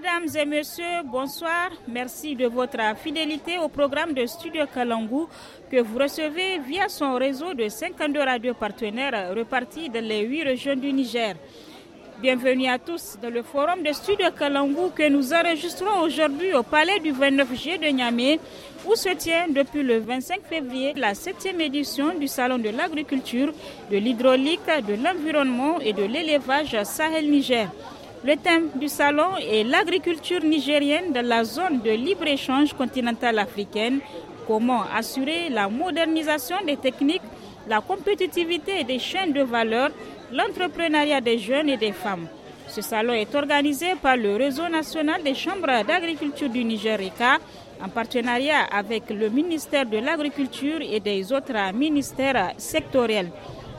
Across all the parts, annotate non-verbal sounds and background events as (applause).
Mesdames et messieurs, bonsoir. Merci de votre fidélité au programme de Studio Kalangou que vous recevez via son réseau de 52 radios partenaires repartis dans les huit régions du Niger. Bienvenue à tous dans le forum de Studio Kalangou que nous enregistrons aujourd'hui au palais du 29 g de Niamey où se tient depuis le 25 février la 7e édition du Salon de l'agriculture, de l'hydraulique, de l'environnement et de l'élevage Sahel-Niger. Le thème du salon est l'agriculture nigérienne dans la zone de libre-échange continentale africaine, comment assurer la modernisation des techniques, la compétitivité des chaînes de valeur, l'entrepreneuriat des jeunes et des femmes. Ce salon est organisé par le Réseau national des chambres d'agriculture du Nigerica en partenariat avec le ministère de l'Agriculture et des autres ministères sectoriels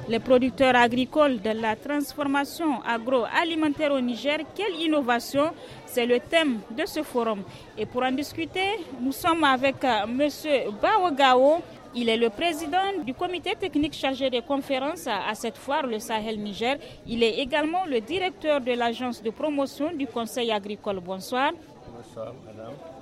les producteurs agricoles de la transformation agroalimentaire au Niger. Quelle innovation C'est le thème de ce forum. Et pour en discuter, nous sommes avec euh, M. Bawagao. Il est le président du comité technique chargé des conférences à cette foire, le Sahel-Niger. Il est également le directeur de l'agence de promotion du Conseil agricole. Bonsoir.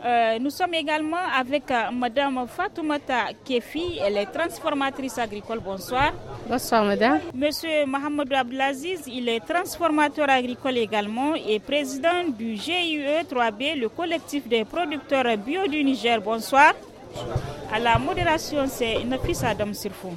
Euh, nous sommes également avec Mme euh, Madame Fatoumata Kefi, elle est transformatrice agricole. Bonsoir. Bonsoir, Madame. Monsieur Mohamed Abdelaziz, il est transformateur agricole également et président du GUE 3B, le collectif des producteurs bio du Niger. Bonsoir. Bonsoir. À la modération, c'est Nafis Adam Sirfou.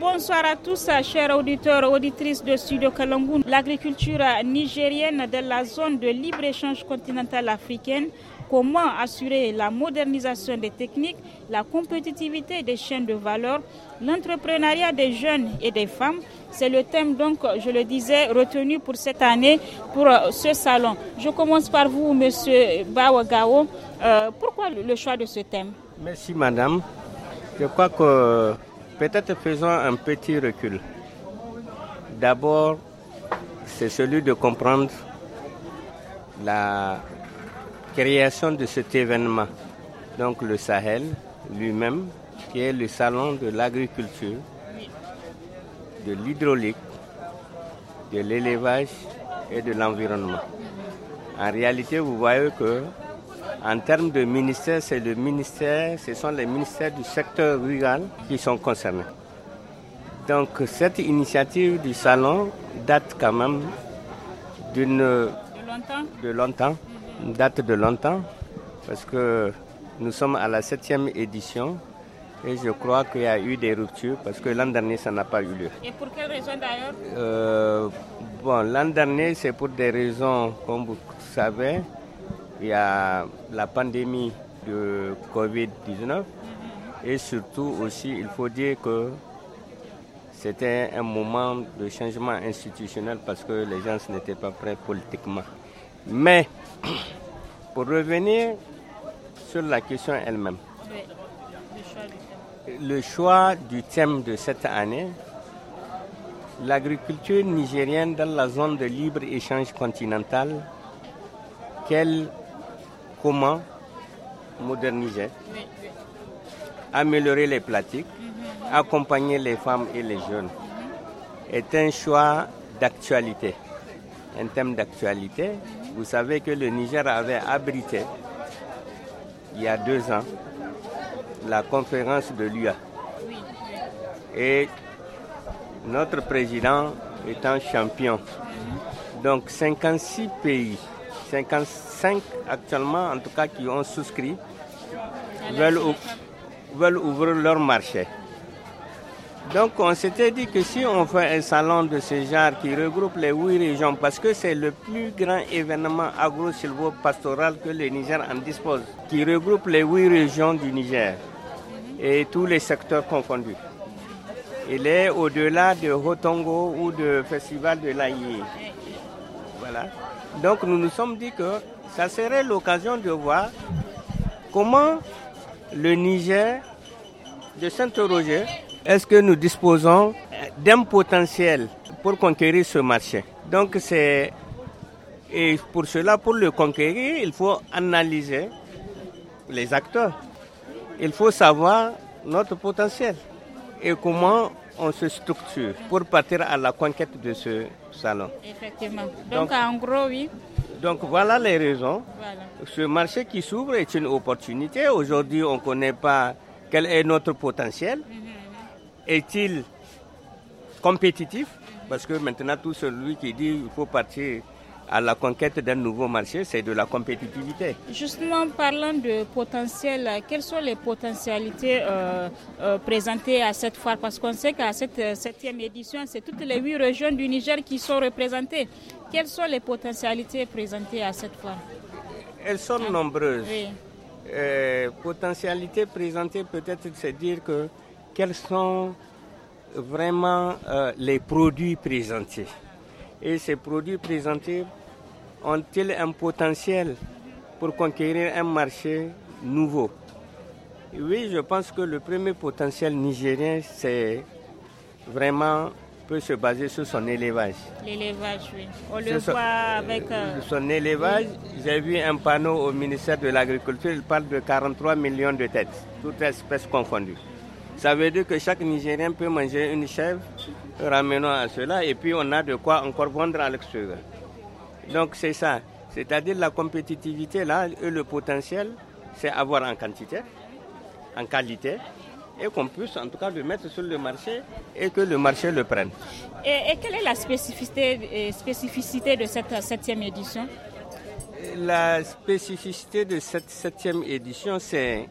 Bonsoir, à tous, chers auditeurs, auditrices de Studio Kalangoun. L'agriculture nigérienne de la zone de libre-échange continentale africaine, comment assurer la modernisation des techniques, la compétitivité des chaînes de valeur, l'entrepreneuriat des jeunes et des femmes. C'est le thème, donc, je le disais, retenu pour cette année, pour euh, ce salon. Je commence par vous, Monsieur Bawagao. Euh, pourquoi le choix de ce thème Merci, Madame. Je crois que Peut-être faisons un petit recul. D'abord, c'est celui de comprendre la création de cet événement, donc le Sahel lui-même, qui est le salon de l'agriculture, de l'hydraulique, de l'élevage et de l'environnement. En réalité, vous voyez que en termes de ministère, c'est le ministère, ce sont les ministères du secteur rural qui sont concernés. Donc cette initiative du salon date quand même d'une de longtemps. de longtemps, date de longtemps, parce que nous sommes à la septième édition et je crois qu'il y a eu des ruptures parce que l'an dernier, ça n'a pas eu lieu. Et pour quelles raisons d'ailleurs euh, Bon, l'an dernier, c'est pour des raisons, comme vous savez, il y a la pandémie de Covid-19 et surtout aussi, il faut dire que c'était un moment de changement institutionnel parce que les gens n'étaient pas prêts politiquement. Mais (clears throat) pour revenir sur la question elle-même, le choix du thème de cette année, l'agriculture nigérienne dans la zone de libre-échange continental, quel comment moderniser, améliorer les pratiques, mhm. accompagner les femmes et les jeunes est un choix d'actualité. Un thème d'actualité. Mhm. Vous savez que le Niger avait abrité, il y a deux ans, la conférence de l'UA. et notre président est un champion. Mhm. Donc 56 pays 55 actuellement, en tout cas, qui ont souscrit, veulent, ouvrir leur marché. Donc on s'était dit que si on fait un salon de ce genre qui regroupe les huit régions, parce que c'est le plus grand événement agro-silvo-pastoral que le Niger en dispose, qui regroupe les huit régions du Niger et tous les secteurs confondus. Il est au-delà de Hotongo ou de Festival de l'Aïe. Donc nous nous sommes dit que ça serait l'occasion de voir comment le Niger de Saint-Roger, est-ce que nous disposons d'un potentiel pour conquérir ce marché Donc c'est et pour cela, pour le conquérir, il faut analyser les acteurs. Il faut savoir notre potentiel et comment on se structure pour partir à la conquête de ce salon. Effectivement. Donc, en gros, oui. Donc voilà les raisons. Ce marché qui s'ouvre est une opportunité. Aujourd'hui, on ne connaît pas quel est notre potentiel. Mhm. Est-il compétitif Parce que maintenant, tout celui qui dit qu'il faut partir à la conquête d'un nouveau marché, c'est de la compétitivité. Justement, parlant de potentiel, quelles sont les potentialités euh, euh, présentées à cette foire Parce qu'on sait qu'à cette euh, septième édition, c'est toutes les huit régions du Niger qui sont représentées. Quelles sont les potentialités présentées à cette foire Elles sont ah, nombreuses. potentialités présentées, peut-être, c'est dire que quels sont vraiment les produits présentés. Et ces produits présentés ont-ils un potentiel pour conquérir un marché nouveau Oui, je pense que le premier potentiel nigérien, c'est vraiment peut se baser sur son élevage. L'élevage, oui. On le voit avec... Euh, euh, son élevage, j'ai vu un panneau au ministère de l'Agriculture, il parle de 43 millions de têtes, toutes espèces confondues. Ça veut dire que chaque Nigérien peut manger une chèvre, ramenons à cela, et puis on a de quoi encore vendre à l'extérieur. Donc c'est ça. C'est-à-dire la compétitivité, là, et le potentiel, c'est avoir en quantité, en qualité, et qu'on puisse en tout cas le mettre sur le marché et que le marché le prenne. Et, quelle est la spécificité, euh, spécificité de cette septième édition La spécificité de cette septième édition, c'est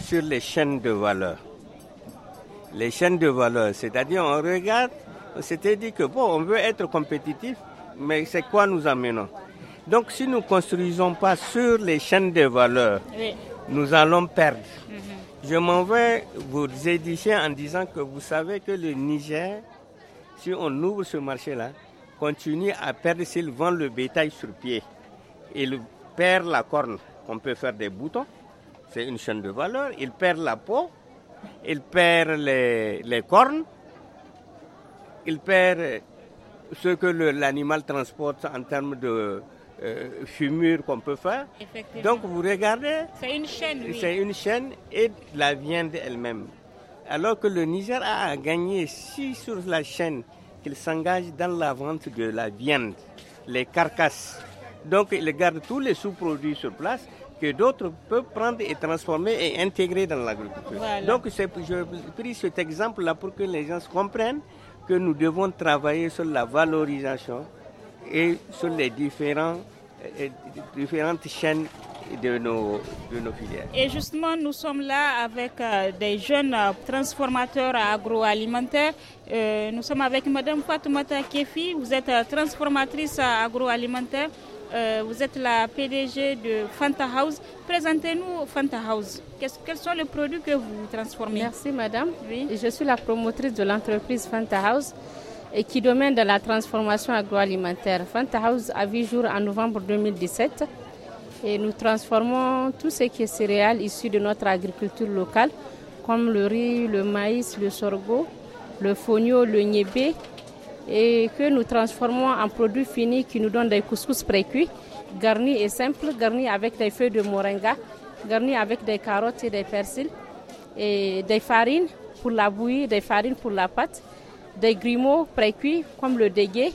sur les chaînes de valeur. Les chaînes de valeur, c'est-à-dire on regarde, on s'était dit que bon, on veut être compétitif, mais c'est quoi nous amenons Donc si nous ne construisons pas sur les chaînes de valeur, nous allons perdre. Mhm. Je m'en vais vous édifier en disant que vous savez que le Niger, si on ouvre ce marché-là, continue à perdre s'il vend le bétail sur pied. Il perd la corne, on peut faire des boutons, c'est une chaîne de valeur. Il perd la peau, il perd les, les cornes, il perd ce que l'animal transporte en termes de euh, fumure qu'on peut faire. Donc vous regardez. C'est une chaîne. Oui. C'est une chaîne et la viande elle-même. Alors que le Niger a gagné si sur la chaîne qu'il s'engage dans la vente de la viande, les carcasses. Donc il garde tous les sous-produits sur place que d'autres peuvent prendre et transformer et intégrer dans l'agriculture. Donc je pris cet exemple-là pour que les gens comprennent que nous devons travailler sur la valorisation et sur les différents, euh, euh, différentes chaînes de nos, nos, filières. Et justement, nous sommes là avec euh, des jeunes transformateurs agroalimentaires. nous sommes avec Mme Fatoumata Kefi, vous êtes transformatrice agroalimentaire. Euh, vous êtes la PDG de Fanta House. Présentez-nous Fanta House. quels sont les produits que vous transformez Merci madame. Je suis la promotrice de l'entreprise Fanta House et qui domine de la transformation agroalimentaire. Fanta House a vu jour en novembre 2017 et nous transformons tout ce qui est céréales issues de notre agriculture locale comme le riz, le maïs, le sorgho, le fonio, le niébé et que nous transformons en produits finis qui nous donnent des couscous précuits, garnis et simples, garnis avec des feuilles de moringa, garnis avec des carottes et des persils, et des farines pour la bouillie, des farines pour la pâte, des grumeaux précuits comme le dégué,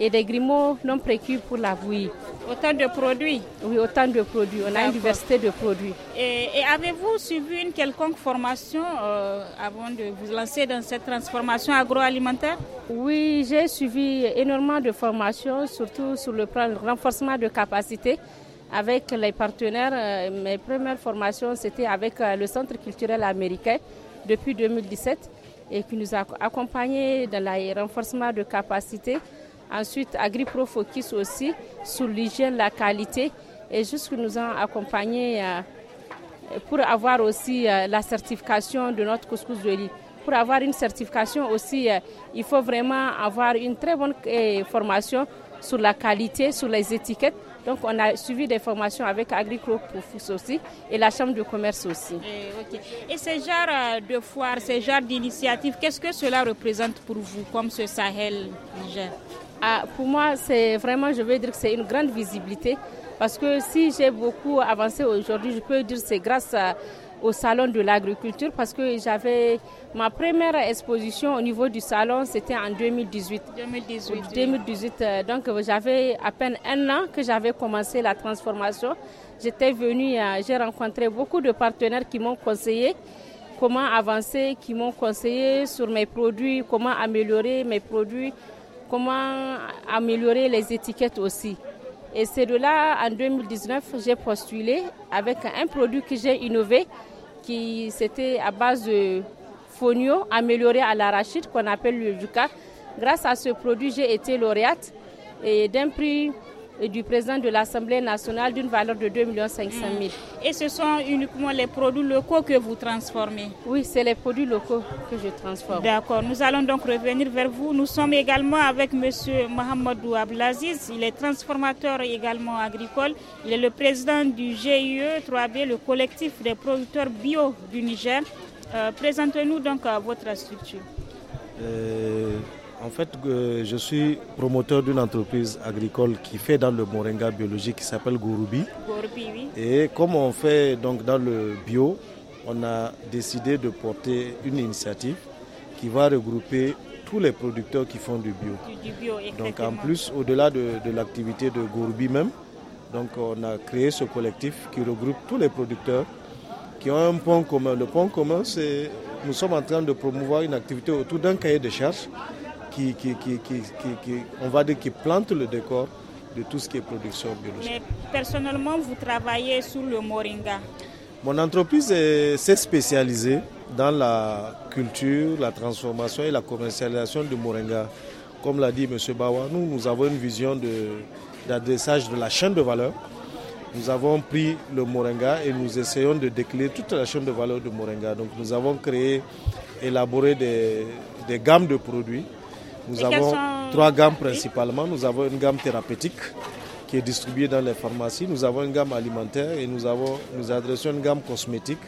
et des grimauds non précuits pour la bouillie. Autant de produits Oui, autant de produits. On a une diversité de produits. Et, avez-vous suivi une quelconque formation euh, avant de vous lancer dans cette transformation agroalimentaire Oui, j'ai suivi énormément de formations, surtout sur le plan renforcement de capacité avec les partenaires. Euh, mes premières formations, c'était avec euh, le Centre culturel américain depuis 2017 et qui nous a accompagnés dans le renforcement de capacité Ensuite, AgriProFocus aussi sur l'hygiène, la qualité et que nous ont accompagné euh, pour avoir aussi euh, la certification de notre couscous de lit. Pour avoir une certification aussi, euh, il faut vraiment avoir une très bonne eh, formation sur la qualité, sur les étiquettes. Donc, on a suivi des formations avec AgriProFocus aussi et la Chambre de commerce aussi. Eh, et, ce genre ces genres de foires, ces genres d'initiatives, qu'est-ce que cela représente pour vous, comme ce Sahel Niger ah, pour moi, c'est vraiment, je veux dire que c'est une grande visibilité parce que si j'ai beaucoup avancé aujourd'hui, je peux dire que c'est grâce au salon de l'agriculture parce que j'avais ma première exposition au niveau du salon, c'était en 2018. 2018. Euh, donc euh, j'avais à peine un an que j'avais commencé la transformation. J'étais venue, euh, j'ai rencontré beaucoup de partenaires qui m'ont conseillé comment avancer, qui m'ont conseillé sur mes produits, comment améliorer mes produits comment améliorer les étiquettes aussi. Et c'est de là, en 2019, j'ai postulé avec un produit que j'ai innové, qui c'était à base de fonio amélioré à l'arachide, qu'on appelle le Ducat. Grâce à ce produit, j'ai été lauréate d'un prix et du président de l'Assemblée nationale d'une valeur de 2 500 000. Et ce sont uniquement les produits locaux que vous transformez Oui, c'est les produits locaux que je transforme. D'accord, nous allons donc revenir vers vous. Nous sommes également avec M. Mohamedou Ablaziz. Il est transformateur également agricole. Il est le président du GIE 3B, le collectif des producteurs bio du Niger. Euh, présentez-nous donc euh, votre structure. Euh... En fait, euh, je suis promoteur d'une entreprise agricole qui fait dans le moringa biologique qui s'appelle Gouroubi. Et comme on fait donc dans le bio, on a décidé de porter une initiative qui va regrouper tous les producteurs qui font du bio. donc en plus, au-delà de, l'activité de Gouroubi même, donc on a créé ce collectif qui regroupe tous les producteurs qui ont un point commun. Le point commun, c'est nous sommes en train de promouvoir une activité autour d'un cahier de charges qui, on va plante le décor de tout ce qui est production biologique. Mais personnellement, vous travaillez sur le moringa. Mon entreprise s'est spécialisée dans la culture, la transformation et la commercialisation du moringa. Comme l'a dit M. Bawa, nous, avons une vision d'adressage de, la chaîne de valeur. Nous avons pris le moringa et nous essayons de décliner toute la chaîne de valeur du moringa. Donc nous avons créé, élaboré des gammes de produits nous avons trois gammes principalement. Nous avons une gamme thérapeutique qui est distribuée dans les pharmacies. Nous avons une gamme alimentaire et nous, avons, nous adressons une gamme cosmétique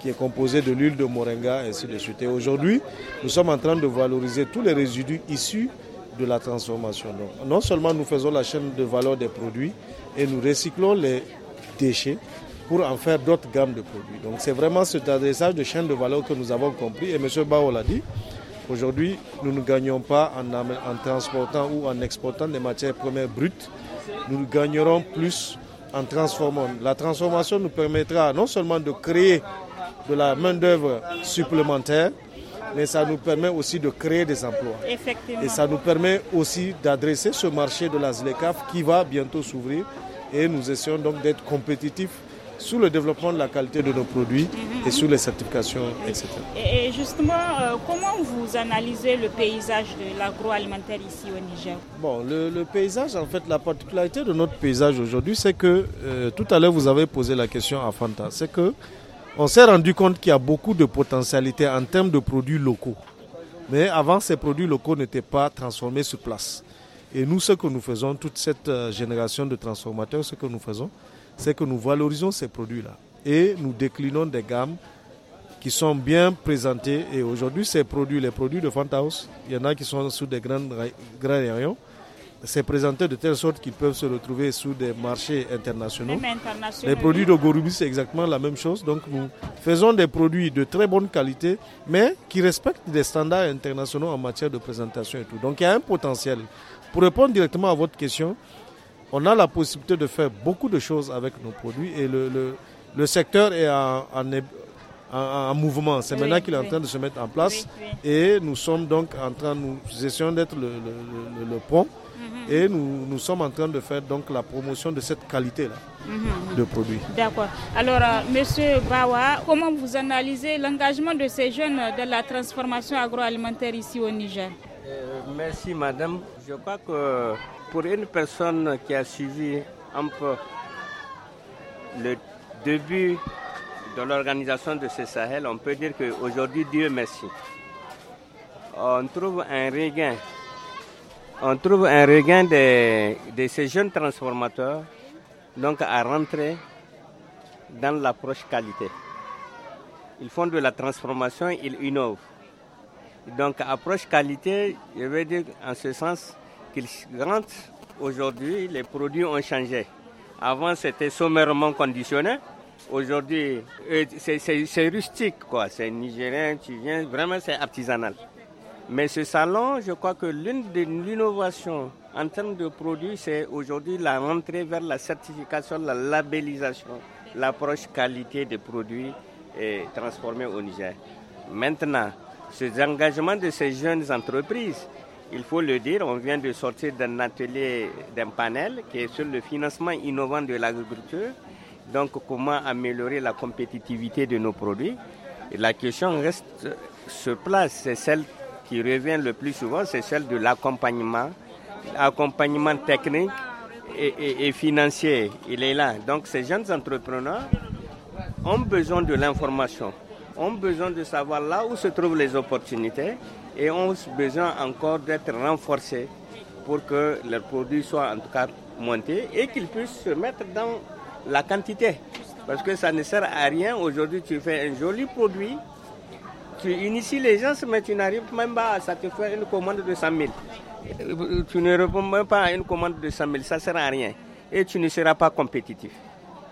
qui est composée de l'huile de moringa, ainsi de suite. Et aujourd'hui, nous sommes en train de valoriser tous les résidus issus de la transformation. non seulement nous faisons la chaîne de valeur des produits et nous recyclons les déchets pour en faire d'autres gammes de produits. Donc c'est vraiment cet adressage de chaîne de valeur que nous avons compris et M. Bao l'a dit. Aujourd'hui, nous ne gagnons pas en, transportant ou en exportant des matières premières brutes. Nous gagnerons plus en transformant. La transformation nous permettra non seulement de créer de la main-d'œuvre supplémentaire, mais ça nous permet aussi de créer des emplois. Et ça nous permet aussi d'adresser ce marché de la ZLECAF qui va bientôt s'ouvrir. Et nous essayons donc d'être compétitifs sur le développement de la qualité de nos produits et sur les certifications, etc. Et justement, euh, comment vous analysez le paysage de l'agroalimentaire ici au Niger Bon, le, paysage, en fait, la particularité de notre paysage aujourd'hui, c'est que euh, tout à l'heure vous avez posé la question à Fanta, c'est que on s'est rendu compte qu'il y a beaucoup de potentialités en termes de produits locaux. Mais avant, ces produits locaux n'étaient pas transformés sur place. Et nous, ce que nous faisons, toute cette euh, génération de transformateurs, ce que nous faisons, c'est que nous valorisons ces produits-là et nous déclinons des gammes qui sont bien présentées. Et aujourd'hui, ces produits, les produits de Fantas, il y en a qui sont sous des grands, grands rayons. C'est présenté de telle sorte qu'ils peuvent se retrouver sous des marchés internationaux. Les produits de Gorubis c'est exactement la même chose. Donc nous faisons des produits de très bonne qualité, mais qui respectent des standards internationaux en matière de présentation et tout. Donc il y a un potentiel. Pour répondre directement à votre question, on a la possibilité de faire beaucoup de choses avec nos produits et le, le, secteur est en, mouvement. C'est maintenant qu'il est en train de se mettre en place et nous sommes donc en train, nous essayons d'être le, le, pont mhm. et nous, nous, sommes en train de faire donc la promotion de cette qualité-là mhm. de produits. D'accord. Alors, euh, Monsieur Bawa, comment vous analysez l'engagement de ces jeunes de la transformation agroalimentaire ici au Niger euh, Merci, Madame. Je crois que pour une personne qui a suivi un peu le début de l'organisation de ce Sahel, on peut dire qu'aujourd'hui, Dieu merci, on trouve un regain. On trouve un regain de, ces jeunes transformateurs donc à rentrer dans l'approche qualité. Ils font de la transformation, ils innovent. Donc approche qualité, je veux dire en ce sens, qu'ils aujourd'hui, les produits ont changé. Avant, c'était sommairement conditionné. Aujourd'hui, euh, c'est rustique, quoi. C'est nigérien, tu viens, vraiment, c'est artisanal. Mais ce salon, je crois que l'une des innovations en termes de produits, c'est aujourd'hui la rentrée vers la certification, la labellisation, l'approche qualité des produits et transformés au Niger. Maintenant, ces engagement de ces jeunes entreprises, il faut le dire, on vient de sortir d'un atelier, d'un panel qui est sur le financement innovant de l'agriculture, donc comment améliorer la compétitivité de nos produits. la question reste sur place, c'est celle qui revient le plus souvent, c'est celle de l'accompagnement, accompagnement technique et, et financier. Il est là. Donc ces jeunes entrepreneurs ont besoin de l'information, ont besoin de savoir là où se trouvent les opportunités et ont besoin encore d'être renforcés pour que leurs produits soient en tout cas montés et qu'ils puissent se mettre dans la quantité. Parce que ça ne sert à rien. Aujourd'hui, tu fais un joli produit, tu inities les gens, mais tu n'arrives même pas à satisfaire une commande de 100 000. Tu ne réponds même pas à une commande de 100 000, ça ne sert à rien. Et tu ne seras pas compétitif.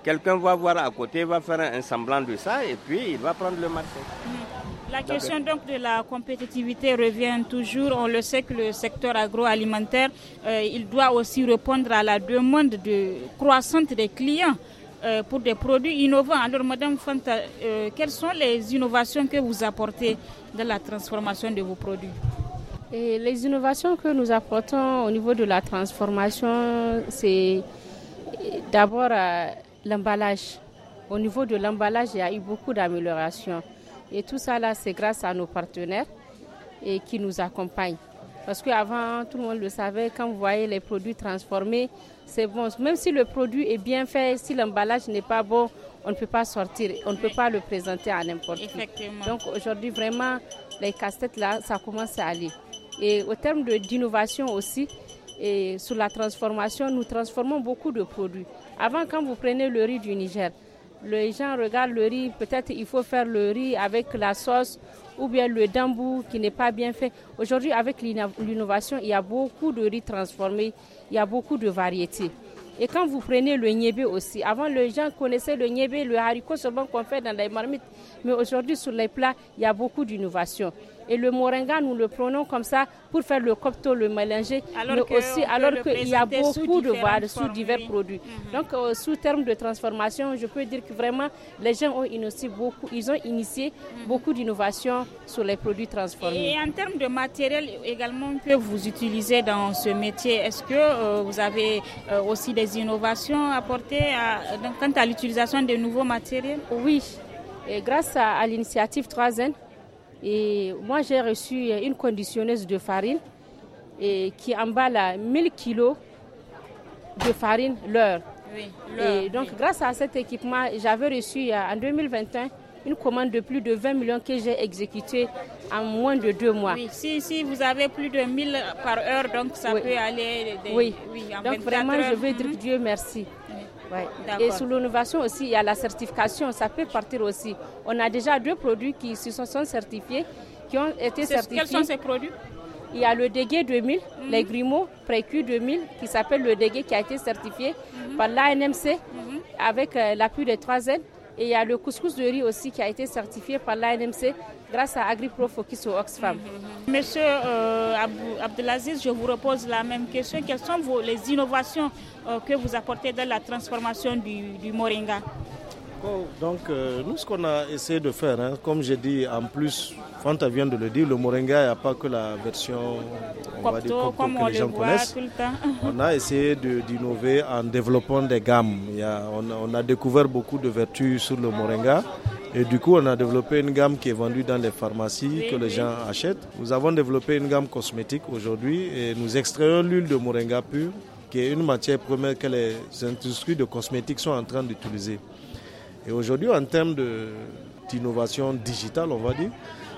Quelqu'un va voir à côté, va faire un semblant de ça, et puis il va prendre le marché. La question donc de la compétitivité revient toujours. On le sait que le secteur agroalimentaire, euh, il doit aussi répondre à la demande croissante des clients euh, pour des produits innovants. Alors, Madame Fanta, euh, quelles sont les innovations que vous apportez dans la transformation de vos produits Les innovations que nous apportons au niveau de la transformation, c'est d'abord l'emballage. Au niveau de l'emballage, il y a eu beaucoup d'améliorations et tout ça là, c'est grâce à nos partenaires et qui nous accompagnent. Parce qu'avant, tout le monde le savait, quand vous voyez les produits transformés, c'est bon. Même si le produit est bien fait, si l'emballage n'est pas bon, on ne peut pas sortir, on ne peut pas le présenter à n'importe qui. Donc aujourd'hui, vraiment, les casse-têtes là, ça commence à aller. Et au terme d'innovation aussi, et sur la transformation, nous transformons beaucoup de produits. Avant, quand vous prenez le riz du Niger, les gens regardent le riz, peut-être il faut faire le riz avec la sauce ou bien le dambou qui n'est pas bien fait. Aujourd'hui, avec l'innovation, il y a beaucoup de riz transformé, il y a beaucoup de variétés. Et quand vous prenez le niébé aussi, avant les gens connaissaient le niébé, le haricot seulement qu'on fait dans les marmites, mais aujourd'hui sur les plats, il y a beaucoup d'innovation. Et le moringa, nous le prenons comme ça pour faire le copto, le mélanger, alors aussi alors qu'il y a beaucoup de voir sur divers produits. Mhm. Donc, euh, sous terme de transformation, je peux dire que vraiment, les gens ont initié beaucoup, ils ont initié mhm. beaucoup d'innovations sur les produits transformés. Et en termes de matériel également que vous utilisez dans ce métier, est-ce que euh, vous avez euh, aussi des innovations apportées quant à l'utilisation de nouveaux matériels Oui, et grâce à, à l'initiative 3N, et moi, j'ai reçu une conditionneuse de farine et qui emballe 1000 kilos de farine l'heure. Oui, et donc, grâce à cet équipement, j'avais reçu euh, en 2021 une commande de plus de 20 millions que j'ai exécutée en moins de deux mois. Oui, si, si vous avez plus de 1000 par heure, donc ça peut aller. oui. oui donc vraiment, je veux dire mhm. Dieu merci. Et sous l'innovation aussi, il y a la certification, ça peut partir aussi. On a déjà deux produits qui se sont, certifiés, qui ont été certifiés. Quels sont ces produits il y a le Dégué 2000, mhm. les Grimaud Précu 2000, qui s'appelle le Dégué, qui a été certifié mhm. par l'ANMC mhm. avec euh, l'appui des 3 Z. Et il y a le couscous de riz aussi qui a été certifié par l'ANMC grâce à AgriPro au Oxfam. Mhm. Monsieur euh, Abdelaziz, je vous repose la même question. Quelles sont les innovations euh, que vous apportez dans la transformation du, Moringa oh, donc, euh, nous, ce qu'on a essayé de faire, hein, comme j'ai dit, en plus, Fanta vient de le dire, le moringa, il a pas que la version les gens connaissent. on a essayé d'innover en développant des gammes. on, a découvert beaucoup de vertus sur le moringa. Et du coup, on a développé une gamme qui est vendue dans les pharmacies, que les gens achètent. Nous avons développé une gamme cosmétique aujourd'hui et nous extrayons l'huile de moringa pure, qui est une matière première que les industries de cosmétiques sont en train d'utiliser. Et aujourd'hui, en termes d'innovation digitale, on va dire,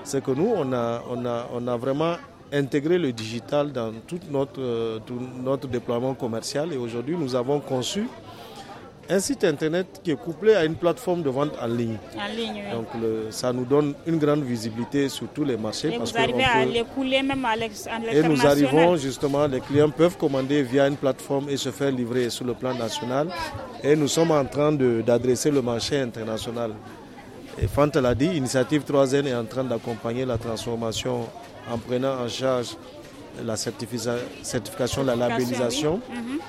c'est que nous, on a, on a, on a vraiment intégré le digital dans tout notre, euh, tout notre déploiement commercial. Et aujourd'hui, nous avons conçu un site internet qui est couplé à une plateforme de vente en ligne. En ligne oui. Donc ça nous donne une grande visibilité sur tous les marchés. Et vous à les couler même à Et nous arrivons justement, les clients peuvent commander via une plateforme et se faire livrer sur le plan national. Et nous sommes en train d'adresser le marché international. Et Fante l'a dit, Initiative 3N est en train d'accompagner la transformation en prenant en charge la certification, la labellisation. Mhm.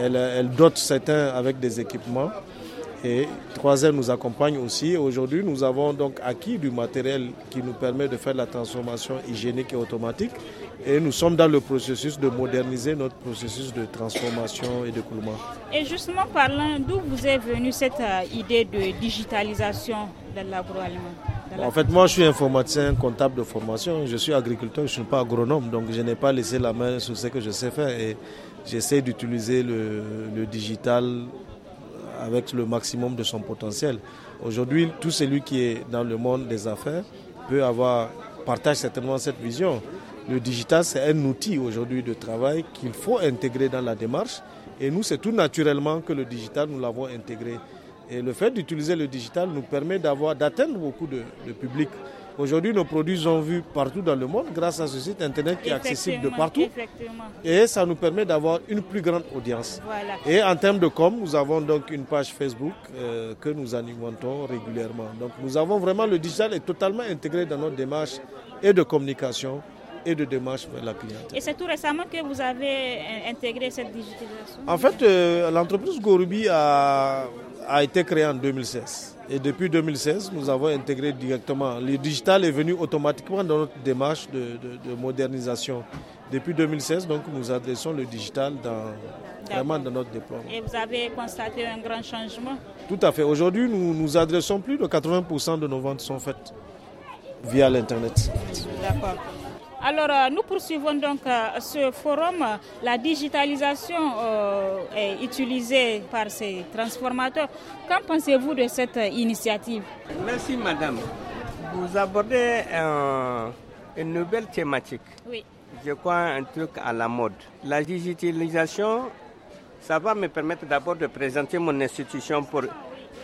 Elle, elle dote certains avec des équipements. Et 3R nous accompagne aussi. Aujourd'hui, nous avons donc acquis du matériel qui nous permet de faire la transformation hygiénique et automatique. Et nous sommes dans le processus de moderniser notre processus de transformation et de coulement. Et justement, parlant d'où vous est venue cette euh, idée de digitalisation de l'agroalimentaire en fait, moi, je suis informaticien comptable de formation. Je suis agriculteur, je ne suis pas agronome, donc je n'ai pas laissé la main sur ce que je sais faire. Et j'essaie d'utiliser le, digital avec le maximum de son potentiel. Aujourd'hui, tout celui qui est dans le monde des affaires peut avoir, partage certainement cette vision. Le digital, c'est un outil aujourd'hui de travail qu'il faut intégrer dans la démarche. Et nous, c'est tout naturellement que le digital, nous l'avons intégré. Et le fait d'utiliser le digital nous permet d'avoir, d'atteindre beaucoup de, de publics Aujourd'hui, nos produits sont vus partout dans le monde grâce à ce site internet qui est accessible de partout. Et ça nous permet d'avoir une plus grande audience. Et en termes de com, nous avons donc une page Facebook euh, que nous alimentons régulièrement. Donc nous avons vraiment le digital est totalement intégré dans notre démarche et de communication et de démarche vers la clientèle. Et c'est tout récemment que vous avez intégré cette digitalisation En fait, euh, l'entreprise Gorubi a été créée en 2016. Et depuis 2016, nous avons intégré directement. Le digital est venu automatiquement dans notre démarche de, modernisation. Depuis 2016, donc, nous adressons le digital dans, vraiment dans notre déploiement. Et vous avez constaté un grand changement Tout à fait. Aujourd'hui, nous nous adressons plus de 80% de nos ventes sont faites via l'Internet. Alors, euh, nous poursuivons donc euh, ce forum. La digitalisation euh, est utilisée par ces transformateurs. Qu'en pensez-vous de cette initiative Merci, madame. Vous abordez une nouvelle thématique. Oui. Je crois un truc à la mode. La digitalisation, ça va me permettre d'abord de présenter mon institution pour,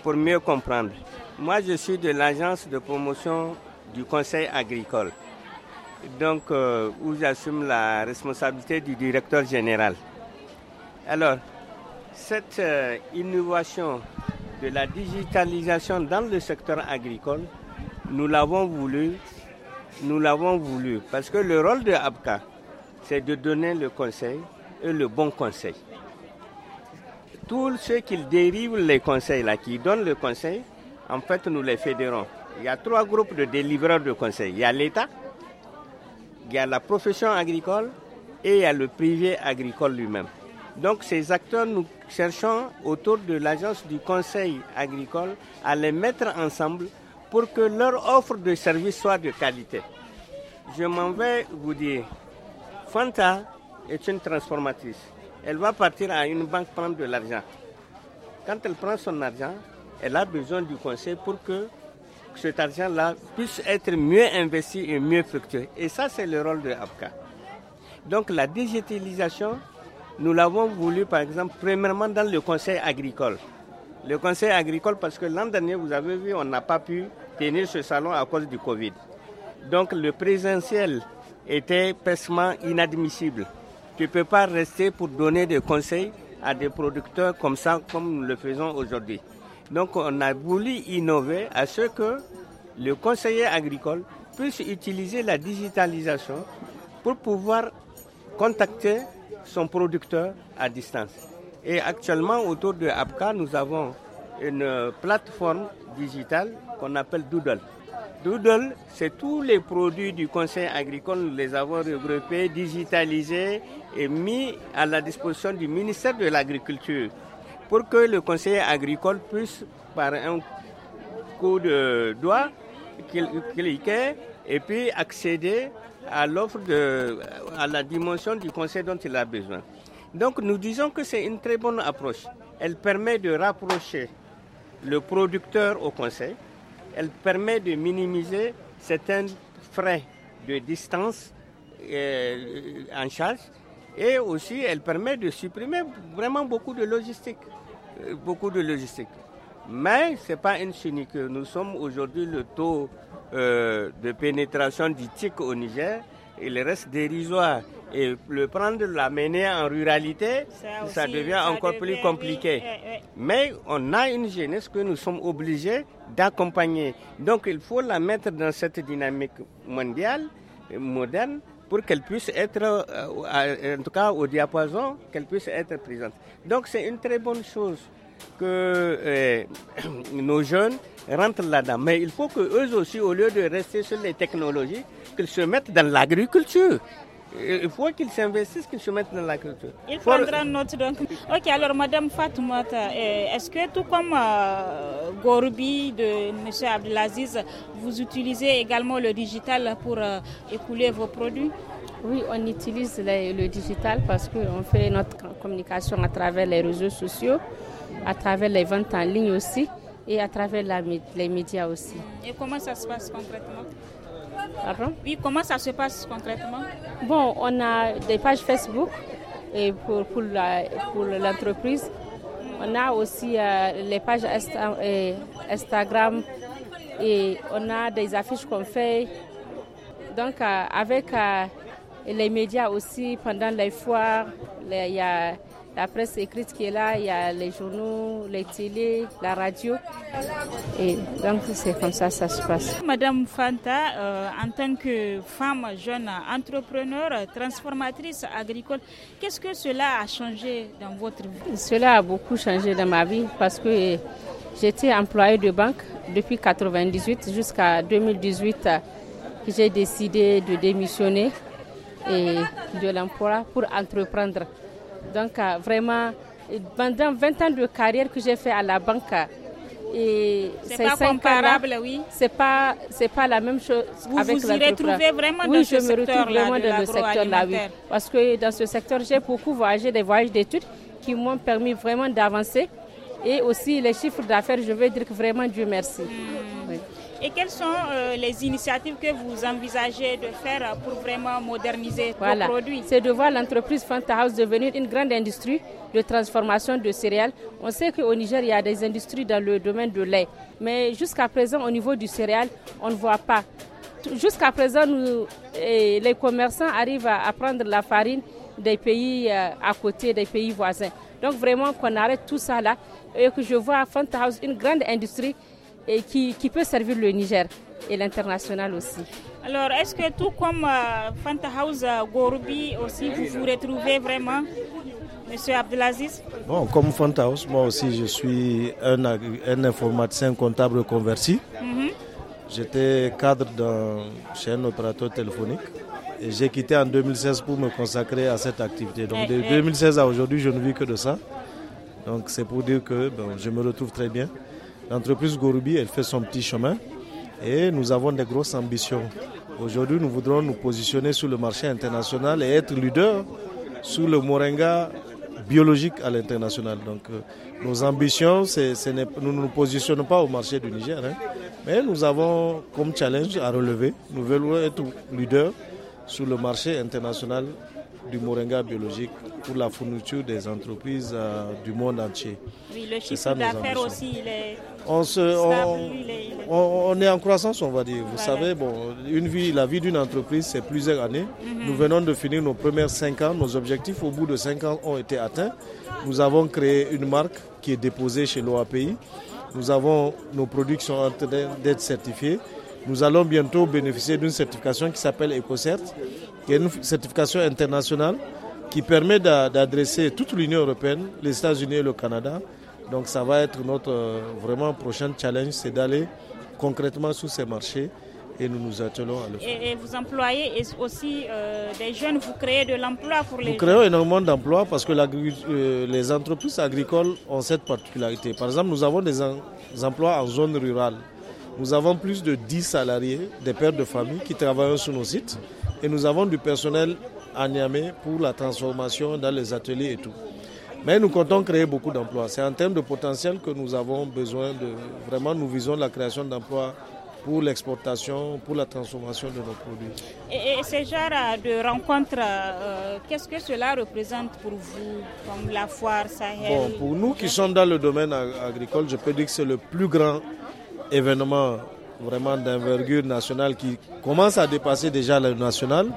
pour mieux comprendre. Moi, je suis de l'agence de promotion du conseil agricole donc vous euh, où j'assume la responsabilité du directeur général. Alors, cette euh, innovation de la digitalisation dans le secteur agricole, nous l'avons voulu, nous l'avons voulu, parce que le rôle de ABCA, c'est de donner le conseil et le bon conseil. Tous ceux qui dérivent les conseils, là, qui donnent le conseil, en fait, nous les fédérons. Il y a trois groupes de délivreurs de conseils. Il y a l'État, il y a la profession agricole et il y a le privé agricole lui-même. Donc ces acteurs, nous cherchons autour de l'agence du conseil agricole à les mettre ensemble pour que leur offre de services soit de qualité. Je m'en vais vous dire, Fanta est une transformatrice. Elle va partir à une banque prendre de l'argent. Quand elle prend son argent, elle a besoin du conseil pour que cet argent-là puisse être mieux investi et mieux fructueux. Et ça, c'est le rôle de APCA. Donc la digitalisation, nous l'avons voulu, par exemple, premièrement dans le conseil agricole. Le conseil agricole, parce que l'an dernier, vous avez vu, on n'a pas pu tenir ce salon à cause du Covid. Donc le présentiel était pressement inadmissible. Tu ne peux pas rester pour donner des conseils à des producteurs comme ça, comme nous le faisons aujourd'hui. Donc on a voulu innover à ce que le conseiller agricole puisse utiliser la digitalisation pour pouvoir contacter son producteur à distance. Et actuellement, autour de APCA, nous avons une plateforme digitale qu'on appelle Doodle. Doodle, c'est tous les produits du conseil agricole, nous les avons regroupés, digitalisés et mis à la disposition du ministère de l'Agriculture pour que le conseiller agricole puisse, par un coup de doigt, cliquer et puis accéder à l'offre de, à la dimension du conseil dont il a besoin. Donc nous disons que c'est une très bonne approche. Elle permet de rapprocher le producteur au conseil. Elle permet de minimiser certains frais de distance euh, en charge et aussi, elle permet de supprimer vraiment beaucoup de logistique. Euh, beaucoup de logistique. Mais ce n'est pas une que Nous sommes aujourd'hui le taux euh, de pénétration du TIC au Niger. Il reste dérisoire. Et le prendre, l'amener en ruralité, ça, devient encore plus compliqué. Mais on a une jeunesse que nous sommes obligés d'accompagner. Donc il faut la mettre dans cette dynamique mondiale, moderne, pour qu'elle puisse être, euh, en tout cas au diapason, qu'elle puisse être présente. Donc c'est une très bonne chose que euh, (clears throat) nos jeunes rentrent là-dedans. Mais il faut qu'eux aussi, au lieu de rester sur les technologies, qu'ils se mettent dans l'agriculture. Euh, il faut qu'ils s'investissent, qu'ils se mettent dans la culture. Il faut... prendra note donc. Ok, alors Madame Fatoumata, eh, est-ce que tout comme euh, Goroubi de M. Abdelaziz, vous utilisez également le digital pour euh, écouler vos produits oui, on utilise le digital parce qu'on fait notre communication à travers les réseaux sociaux, à travers les ventes en ligne aussi et à travers les médias aussi. Et comment ça se passe concrètement ah oui, comment ça se passe concrètement Bon, on a des pages Facebook et pour, pour l'entreprise. on a aussi euh, les pages Instagram et on a des affiches qu'on fait. Donc, euh, avec euh, les médias aussi, pendant les foires, il y a la presse écrite qui est là, il y a les journaux, les télé, la radio. Et donc c'est comme ça que ça se passe. Madame Fanta, euh, en tant que femme jeune entrepreneur, transformatrice agricole, qu'est-ce que cela a changé dans votre vie Cela a beaucoup changé dans ma vie parce que j'étais employée de banque depuis 1998 jusqu'à 2018 j'ai décidé de démissionner et de l'emploi pour entreprendre. Donc euh, vraiment, pendant 20 ans de carrière que j'ai fait à la banque, euh, et c'est comparable, oui. C'est pas, c'est pas la même chose. Vous avec vous y retrouvez vraiment oui, dans ce secteur-là. je me retrouve vraiment dans le secteur-là, oui. Parce que dans ce secteur, j'ai beaucoup voyagé, des voyages d'études qui m'ont permis vraiment d'avancer. Et aussi les chiffres d'affaires, je veux dire que vraiment Dieu merci. Hmm. Et quelles sont euh, les initiatives que vous envisagez de faire pour vraiment moderniser voilà. vos produits C'est de voir l'entreprise Fanta House devenir une grande industrie de transformation de céréales. On sait qu'au Niger, il y a des industries dans le domaine de lait. Mais jusqu'à présent, au niveau du céréal, on ne voit pas. Jusqu'à présent, nous, les commerçants arrivent à, prendre la farine des pays euh, à côté, des pays voisins. Donc vraiment qu'on arrête tout ça là et que je vois à Fanta House une grande industrie et qui, peut servir le Niger et l'international aussi. Alors, est-ce que tout comme euh, Fanta House euh, Gourbi aussi, vous vous retrouvez vraiment, Monsieur Abdelaziz Bon, comme Fanta House, moi aussi, je suis un, un informaticien comptable converti. Mhm. J'étais cadre dans, chez un opérateur téléphonique et j'ai quitté en 2016 pour me consacrer à cette activité. Donc, eh, de 2016 eh. à aujourd'hui, je ne vis que de ça. Donc, c'est pour dire que je me retrouve très bien. L'entreprise Gorubi, elle fait son petit chemin et nous avons des grosses ambitions. Aujourd'hui, nous voudrons nous positionner sur le marché international et être leader sur le moringa biologique à l'international. Donc, euh, nos ambitions, nous ne nous positionnons pas au marché du Niger, hein, mais nous avons comme challenge à relever. Nous voulons être leader sur le marché international du moringa biologique pour la fourniture des entreprises euh, du monde entier. Oui, le chiffre aussi, il on, on, est, en croissance, on va dire. Vous savez, bon, une vie, la vie d'une entreprise, c'est plusieurs années. Mhm. Nous venons de finir nos premiers cinq ans. Nos objectifs au bout de cinq ans ont été atteints. Nous avons créé une marque qui est déposée chez l'OAPI. Nous avons nos produits sont en train d'être certifiés. Nous allons bientôt bénéficier d'une certification qui s'appelle EcoCert, il y une certification internationale qui permet d'adresser toute l'Union européenne, les États-Unis et le Canada. Donc ça va être notre euh, vraiment prochain challenge, c'est d'aller concrètement sur ces marchés et nous nous attelons à le faire. Et, vous employez aussi euh, des jeunes, vous créez de l'emploi pour les Nous créons énormément d'emplois parce que euh, les entreprises agricoles ont cette particularité. Par exemple, nous avons des, des, emplois en zone rurale. Nous avons plus de 10 salariés, des pères de famille qui travaillent sur nos sites. Et nous avons du personnel à Niamey pour la transformation dans les ateliers et tout. Mais nous comptons créer beaucoup d'emplois. C'est en termes de potentiel que nous avons besoin de. Vraiment, nous visons la création d'emplois pour l'exportation, pour la transformation de nos produits. Et, ce genre de rencontre, euh, qu'est-ce que cela représente pour vous, comme la foire Sahel Pour nous qui sommes dans le domaine agricole, je peux dire que c'est le plus grand événement vraiment d'envergure nationale qui commence à dépasser déjà le national.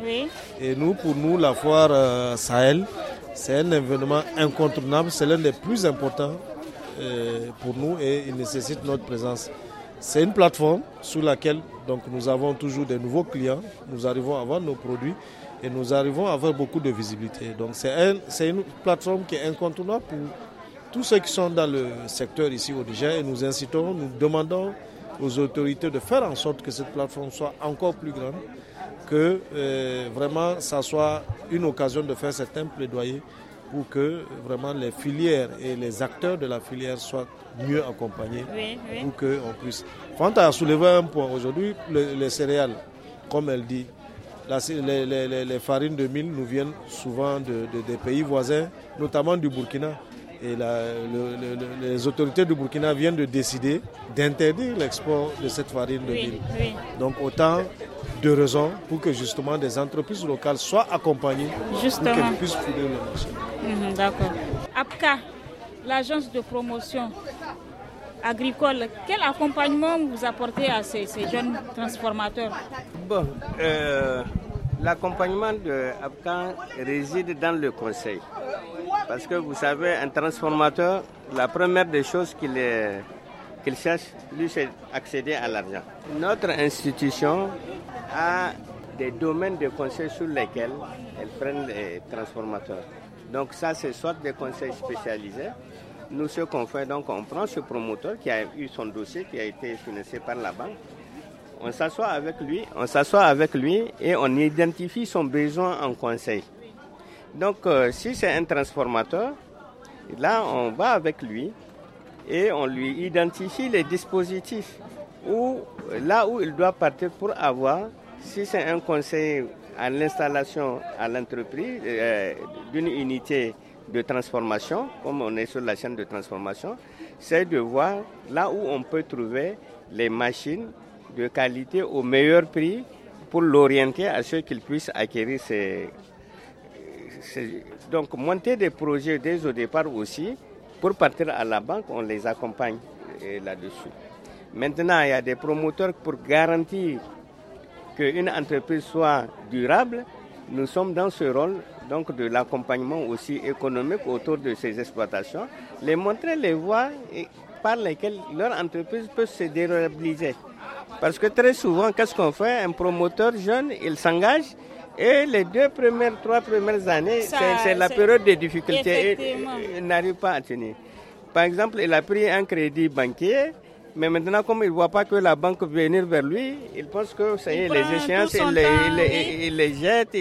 Et nous, pour nous, la foire euh, Sahel, c'est un événement incontournable, c'est l'un des plus importants euh, pour nous et il nécessite notre présence. C'est une plateforme sous laquelle donc, nous avons toujours des nouveaux clients, nous arrivons à voir nos produits et nous arrivons à avoir beaucoup de visibilité. Donc c'est un, une plateforme qui est incontournable pour tous ceux qui sont dans le secteur ici au Niger et nous incitons, nous demandons aux autorités de faire en sorte que cette plateforme soit encore plus grande, que euh, vraiment ça soit une occasion de faire certains plaidoyers pour que vraiment les filières et les acteurs de la filière soient mieux accompagnés oui, que Fanta a soulevé un point aujourd'hui, les céréales, comme elle dit, les, farines de mille nous viennent souvent des pays voisins, notamment du Burkina. Et les autorités du Burkina viennent de décider d'interdire l'export de cette farine de ville. Donc autant de raisons pour que justement des entreprises locales soient accompagnées pour qu'elles puissent fournir le marché. Mhm, d'accord. APCA, l'agence de promotion agricole, quel accompagnement vous apportez à ces, jeunes transformateurs Bon, euh, L'accompagnement de réside dans le conseil. Parce que vous savez, un transformateur, la première des choses qu'il cherche, lui, c'est accéder à l'argent. Notre institution a des domaines de conseil sur lesquels elle prennent les transformateurs. Donc ça, c'est soit des conseils spécialisés. Nous, ce qu'on fait, donc, on prend ce promoteur qui a eu son dossier, qui a été financé par la banque, on s'assoit avec lui, on s'assoit avec lui et on identifie son besoin en conseil. Donc, euh, si c'est un transformateur, là, on va avec lui et on lui identifie les dispositifs ou là où il doit partir pour avoir, si c'est un conseil à l'installation à l'entreprise euh, d'une unité de transformation, comme on est sur la chaîne de transformation, c'est de voir là où on peut trouver les machines de qualité au meilleur prix pour l'orienter à ce qu'il puisse acquérir ses Donc monter des projets dès au départ aussi, pour partir à la banque, on les accompagne euh, là-dessus. Maintenant, il y a des promoteurs pour garantir qu'une entreprise soit durable. Nous sommes dans ce rôle donc de l'accompagnement aussi économique autour de ces exploitations, les montrer les voies par lesquelles leur entreprise peut se durabiliser. Parce que très souvent, qu'est-ce qu'on fait Un promoteur jeune, il s'engage et les deux premières, trois premières années, c'est la période des difficultés. Il, n'arrive pas à tenir. Par exemple, il a pris un crédit banquier. Mais maintenant, comme il ne voit pas que la banque vient venir vers lui, il pense que ça y est, les échéances, il les, jette.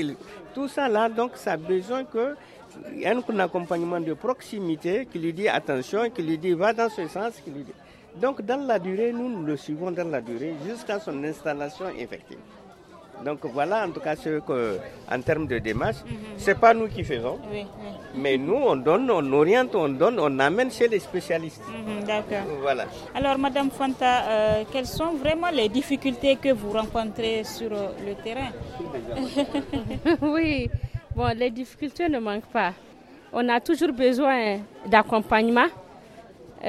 Tout ça là, donc ça a besoin que un accompagnement de proximité qui lui dit attention, qui lui dit va dans ce sens, qui lui dit... Donc dans la durée, nous le suivons dans la durée jusqu'à son installation effective. Donc voilà en tout cas ce que, en termes de démarche, ce mhm. n'est c'est pas nous qui faisons, mais nous on donne, on oriente, on donne, on amène chez les spécialistes. Mhm, d'accord. Voilà. Alors Madame Fanta, euh, quelles sont vraiment les difficultés que vous rencontrez sur euh, le terrain (laughs) Oui, bon les difficultés ne manquent pas. On a toujours besoin d'accompagnement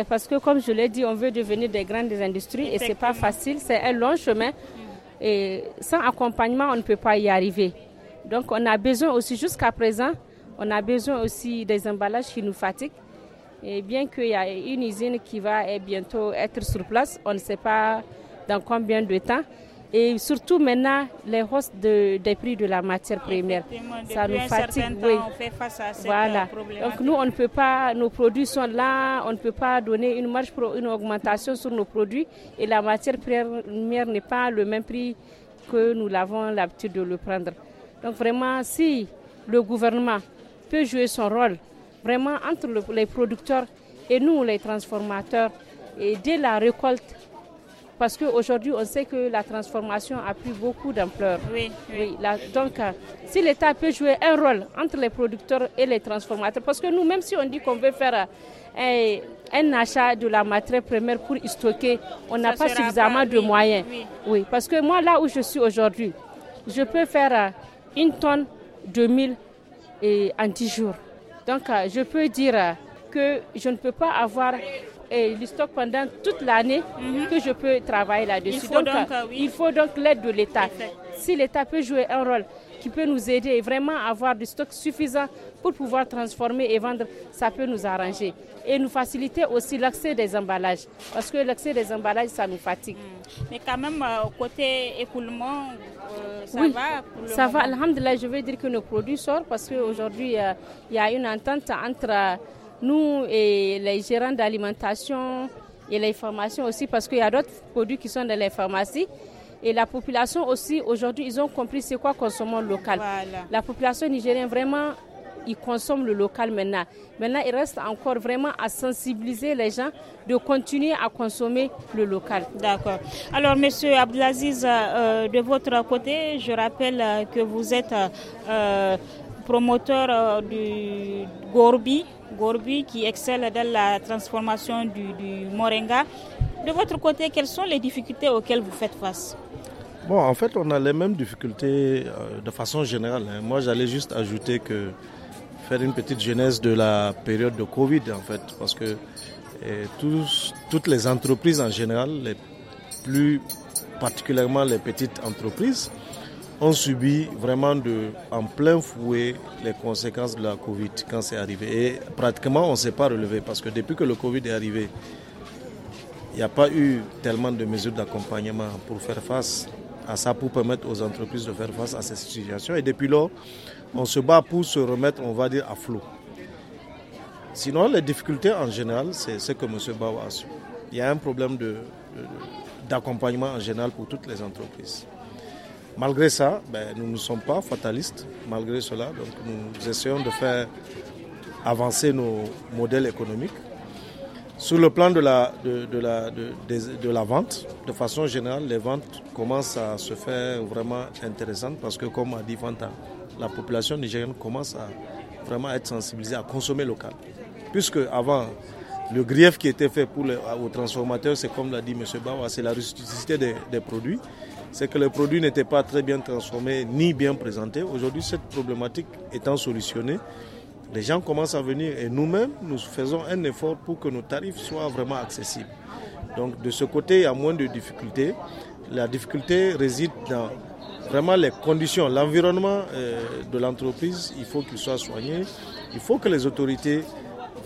parce que, comme je l'ai dit, on veut devenir des grandes industries et ce n'est pas facile, c'est un long chemin. Et sans accompagnement, on ne peut pas y arriver. Donc, on a besoin aussi, jusqu'à présent, on a besoin aussi des emballages qui nous fatiguent. Et bien qu'il y ait une usine qui va eh, bientôt être sur place, on ne sait pas dans combien de temps et surtout maintenant les hausses de, des prix de la matière première. Ça nous fatigue. fait face à cette voilà. Euh, Donc nous, on ne peut pas, nos produits sont là, on ne peut pas donner une marge pour une augmentation sur nos produits et la matière première n'est pas le même prix que nous l'avons l'habitude de le prendre. Donc vraiment, si le gouvernement peut jouer son rôle, vraiment entre les producteurs et nous, les transformateurs, et dès la récolte, parce qu'aujourd'hui, on sait que la transformation a pris beaucoup d'ampleur. Oui, donc, euh, si l'État peut jouer un rôle entre les producteurs et les transformateurs, parce que nous, même si on dit qu'on veut faire euh, un, achat de la matière première pour y stocker, on n'a pas suffisamment de moyens. Oui. parce que moi, là où je suis aujourd'hui, je peux faire euh, une tonne, 2000 et en 10 jours. Donc, je peux dire que je ne peux pas avoir et le stock pendant toute l'année mhm. que je peux travailler là-dessus. Il, donc, euh, il faut donc l'aide de l'État. Si l'État peut jouer un rôle qui peut nous aider et vraiment avoir du stock suffisant pour pouvoir transformer et vendre, ça peut nous arranger. Et nous faciliter aussi l'accès des emballages, parce que l'accès des emballages, ça nous fatigue. Mhm. Mais quand même, euh, côté écoulement, euh, ça va pour Ça va, alhamdoulilah, je veux dire que nos produits sortent, parce qu'aujourd'hui, il y a une entente entre nous et les gérants d'alimentation et les pharmacies aussi, parce qu'il y a d'autres produits qui sont dans les pharmacies. Et la population aussi, aujourd'hui, ils ont compris c'est quoi consommer local. La population nigérienne, vraiment, ils consomment le local maintenant. Maintenant, il reste encore vraiment à sensibiliser les gens de continuer à consommer le local. D'accord. Alors, Monsieur Abdelaziz, euh, de votre côté, je rappelle euh, que vous êtes euh, promoteur euh, du Gorbi, Gorbi qui excelle dans la transformation du, du, Moringa. De votre côté, quelles sont les difficultés auxquelles vous faites face Bon, en fait, on a les mêmes difficultés euh, de façon générale. Hein. Moi, j'allais juste ajouter que faire une petite genèse de la période de Covid, en fait, parce que tous, toutes les entreprises en général, les plus particulièrement les petites entreprises, on subit vraiment de, en plein fouet les conséquences de la Covid quand c'est arrivé. Et pratiquement, on ne s'est pas relevé parce que depuis que le Covid est arrivé, il n'y a pas eu tellement de mesures d'accompagnement pour faire face à ça, pour permettre aux entreprises de faire face à ces situations. Et depuis lors, on se bat pour se remettre, on va dire, à flot. Sinon, les difficultés en général, c'est ce que M. Bao a su. Il y a un problème d'accompagnement de, en général pour toutes les entreprises. Malgré ça, ben, nous ne sommes pas fatalistes. Malgré cela, donc, nous essayons de faire avancer nos modèles économiques. Sur le plan de la, de, la, de, la vente, de façon générale, les ventes commencent à se faire vraiment intéressantes parce que, comme a dit Fanta, la population nigérienne commence à vraiment être sensibilisée à consommer local. Puisque avant, le grief qui était fait pour les, aux transformateurs, c'est comme l'a dit M. Bawa, c'est la rusticité des, des produits c'est que les produits n'étaient pas très bien transformés ni bien présentés. Aujourd'hui, cette problématique étant solutionnée, les gens commencent à venir et nous-mêmes, nous faisons un effort pour que nos tarifs soient vraiment accessibles. Donc de ce côté, il y a moins de difficultés. La difficulté réside dans vraiment les conditions, l'environnement euh, de l'entreprise. Il faut qu'il soit soigné. Il faut que les autorités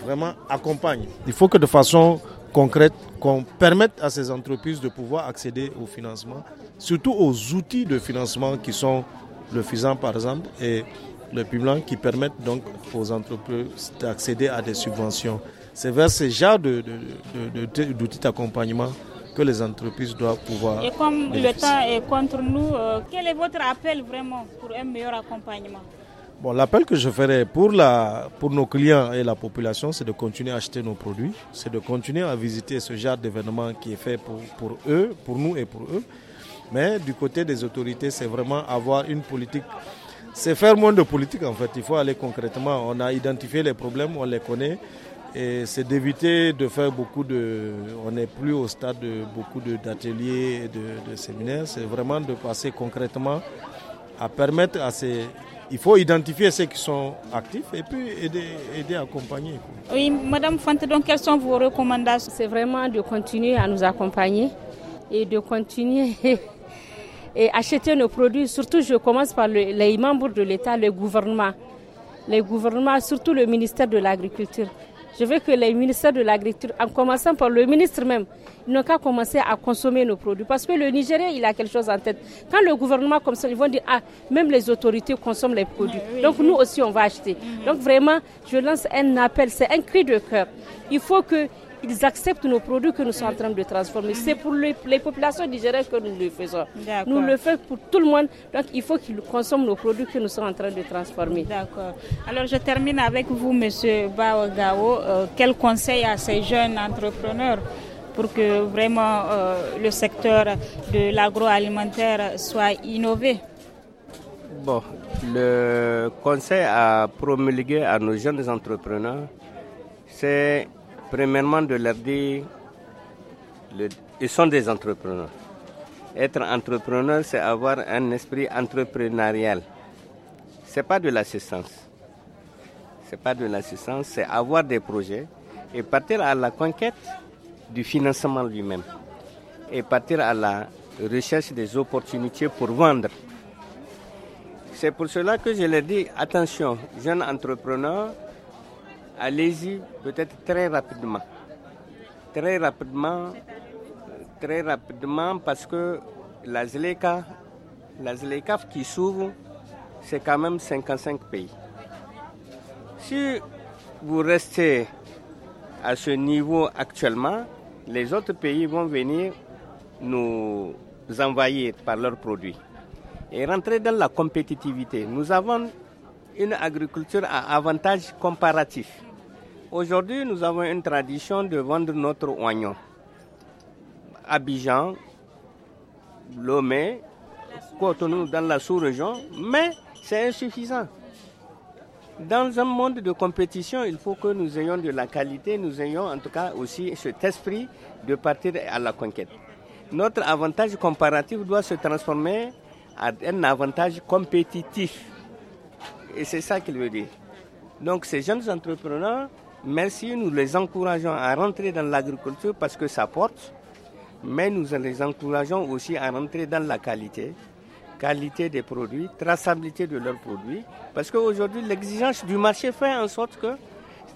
vraiment accompagnent. Il faut que de façon concrètes qu'on permette à ces entreprises de pouvoir accéder au financement, surtout aux outils de financement qui sont le FISAN par exemple et le PIBLAN qui permettent donc aux entreprises d'accéder à des subventions. C'est vers ce genre d'outils de, d'accompagnement que les entreprises doivent pouvoir. Et comme le temps est contre nous, euh, quel est votre appel vraiment pour un meilleur accompagnement l'appel que je ferai pour, la, pour nos clients et la population, c'est de continuer à acheter nos produits, c'est de continuer à visiter ce genre d'événement qui est fait pour, eux, pour nous et pour eux. Mais du côté des autorités, c'est vraiment avoir une politique c'est faire moins de politique en fait. Il faut aller concrètement. On a identifié les problèmes, on les connaît. Et c'est d'éviter de faire beaucoup de. On n'est plus au stade de beaucoup d'ateliers et de séminaires. C'est vraiment de passer concrètement à permettre à ces il faut identifier ceux qui sont actifs et puis aider, aider accompagner. Oui, Madame Fante, donc quelles sont vos recommandations C'est vraiment de continuer à nous accompagner et de continuer (laughs) et acheter nos produits. Surtout, je commence par les membres de l'État, le gouvernement. Les gouvernements, surtout le ministère de l'Agriculture. Je veux que les ministères de l'Agriculture, en commençant par le ministre même, n'ont qu'à commencer à consommer nos produits. Parce que le Nigérien, il a quelque chose en tête. Quand le gouvernement comme ça, ils vont dire, ah, même les autorités consomment les produits. Donc nous aussi, on va acheter. Mhm. Donc vraiment, je lance un appel, c'est un cri de cœur. Il faut que ils acceptent nos produits que nous sommes en train de transformer. Mhm. C'est pour les, populations nigériennes que nous le faisons. Nous le faisons pour tout le monde. Donc il faut qu'ils consomment nos produits que nous sommes en train de transformer. D'accord. Alors je termine avec vous, Monsieur Baogao. Euh, quel conseil à ces jeunes entrepreneurs pour que vraiment euh, le secteur de l'agroalimentaire soit innové Bon, le conseil à promulguer à nos jeunes entrepreneurs, c'est premièrement de leur dire ils sont des entrepreneurs. Être entrepreneur, c'est avoir un esprit entrepreneurial. Ce n'est pas de l'assistance. Ce n'est pas de l'assistance, c'est avoir des projets et partir à la conquête du financement lui-même et partir à la recherche des opportunités pour vendre. C'est pour cela que je leur dis, attention, jeunes entrepreneurs, allez-y peut-être très rapidement. Très rapidement, très rapidement parce que la ZLECA, la qui s'ouvre, c'est quand même 55 pays. Si vous restez à ce niveau actuellement, les autres pays vont venir nous envahir par leurs produits et rentrer dans la compétitivité. Nous avons une agriculture à avantage comparatif. Aujourd'hui, nous avons une tradition de vendre notre oignon. Abidjan, Lomé, nous dans la sous-région, mais c'est insuffisant. Dans un monde de compétition, il faut que nous ayons de la qualité, nous ayons en tout cas aussi cet esprit de partir à la conquête. Notre avantage comparatif doit se transformer en un avantage compétitif. Et c'est ça qu'il veut dire. Donc ces jeunes entrepreneurs, merci, nous les encourageons à rentrer dans l'agriculture parce que ça porte, mais nous les encourageons aussi à rentrer dans la qualité, qualité des produits, traçabilité de leurs produits. Parce qu'aujourd'hui, l'exigence du marché fait en sorte que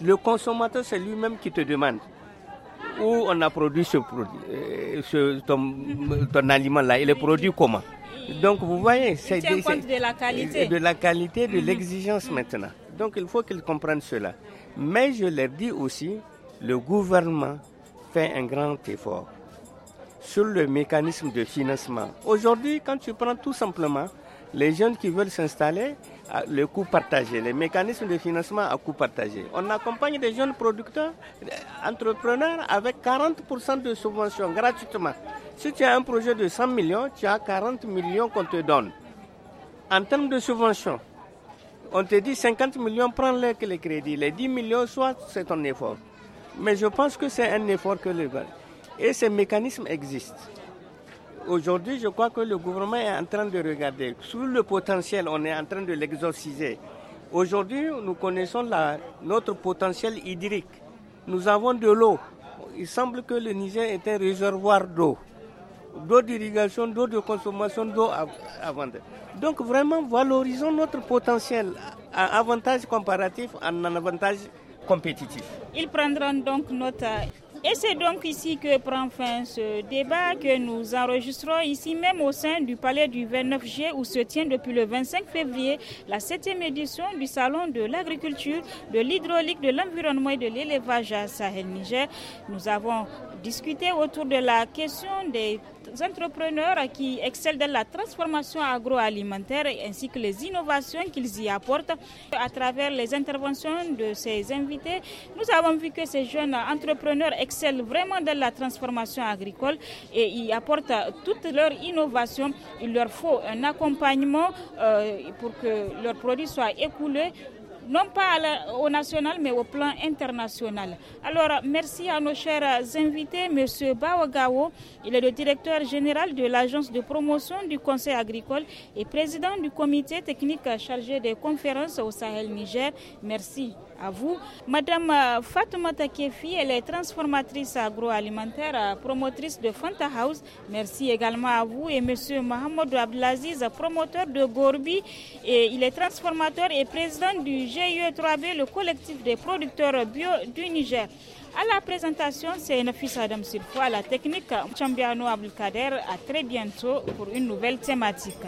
le consommateur, c'est lui-même qui te demande où on a produit ce produit, euh, ce, ton, aliment-là, et le produit comment. Donc vous voyez, c'est de la qualité, de la qualité, de mhm. l'exigence maintenant. Donc il faut qu'ils comprennent cela. Mais je leur dis aussi, le gouvernement fait un grand effort sur le mécanisme de financement. Aujourd'hui, quand tu prends tout simplement les jeunes qui veulent s'installer, ah, le coût partagé, les mécanismes de financement à coût partagé. On accompagne des jeunes producteurs, euh, entrepreneurs avec 40% de subvention gratuitement. Si tu as un projet de 100 millions, tu as 40 millions qu'on te donne. En termes de subvention. on te dit 50 millions, prends-les que les crédits. Les 10 millions, soit c'est ton effort. Mais je pense que c'est un effort que les et ces mécanismes existent. Aujourd'hui, je crois que le gouvernement est en train de regarder. Sous le potentiel, on est en train de l'exorciser. Aujourd'hui, nous connaissons la, notre potentiel hydrique. Nous avons de l'eau. Il semble que le Niger est un réservoir d'eau, d'eau d'irrigation, d'eau de consommation, d'eau à, vendre. Donc vraiment, valorisons notre potentiel à avantage comparatif, un avantage compétitif. Ils prendront donc notre et c'est donc ici que prend fin ce débat que nous enregistrons ici même au sein du palais du 29G où se tient depuis le 25 février la 7e édition du Salon de l'agriculture, de l'hydraulique, de l'environnement et de l'élevage à Sahel-Niger. Nous avons discuté autour de la question des entrepreneurs qui excellent dans la transformation agroalimentaire ainsi que les innovations qu'ils y apportent. À travers les interventions de ces invités, nous avons vu que ces jeunes entrepreneurs excellent vraiment dans la transformation agricole et ils apportent toutes leurs innovations. Il leur faut un accompagnement euh, pour que leurs produits soient écoulés non pas au national, mais au plan international. Alors, merci à nos chers invités, Monsieur Bawagawo. Il est le directeur général de l'Agence de promotion du Conseil agricole et président du comité technique chargé des conférences au Sahel-Niger. Merci à vous. Madame euh, Fatoumata Kefi, elle est transformatrice agroalimentaire, euh, promotrice de Fanta House. Merci également à vous et Monsieur Mohamed Abdelaziz, promoteur de Gorbi. il est transformateur et président du GIE3B, e le collectif des producteurs bio du Niger. À la présentation, c'est Nafis Adam Silfo à la technique. Chambiano Abdelkader, à très bientôt pour une nouvelle thématique.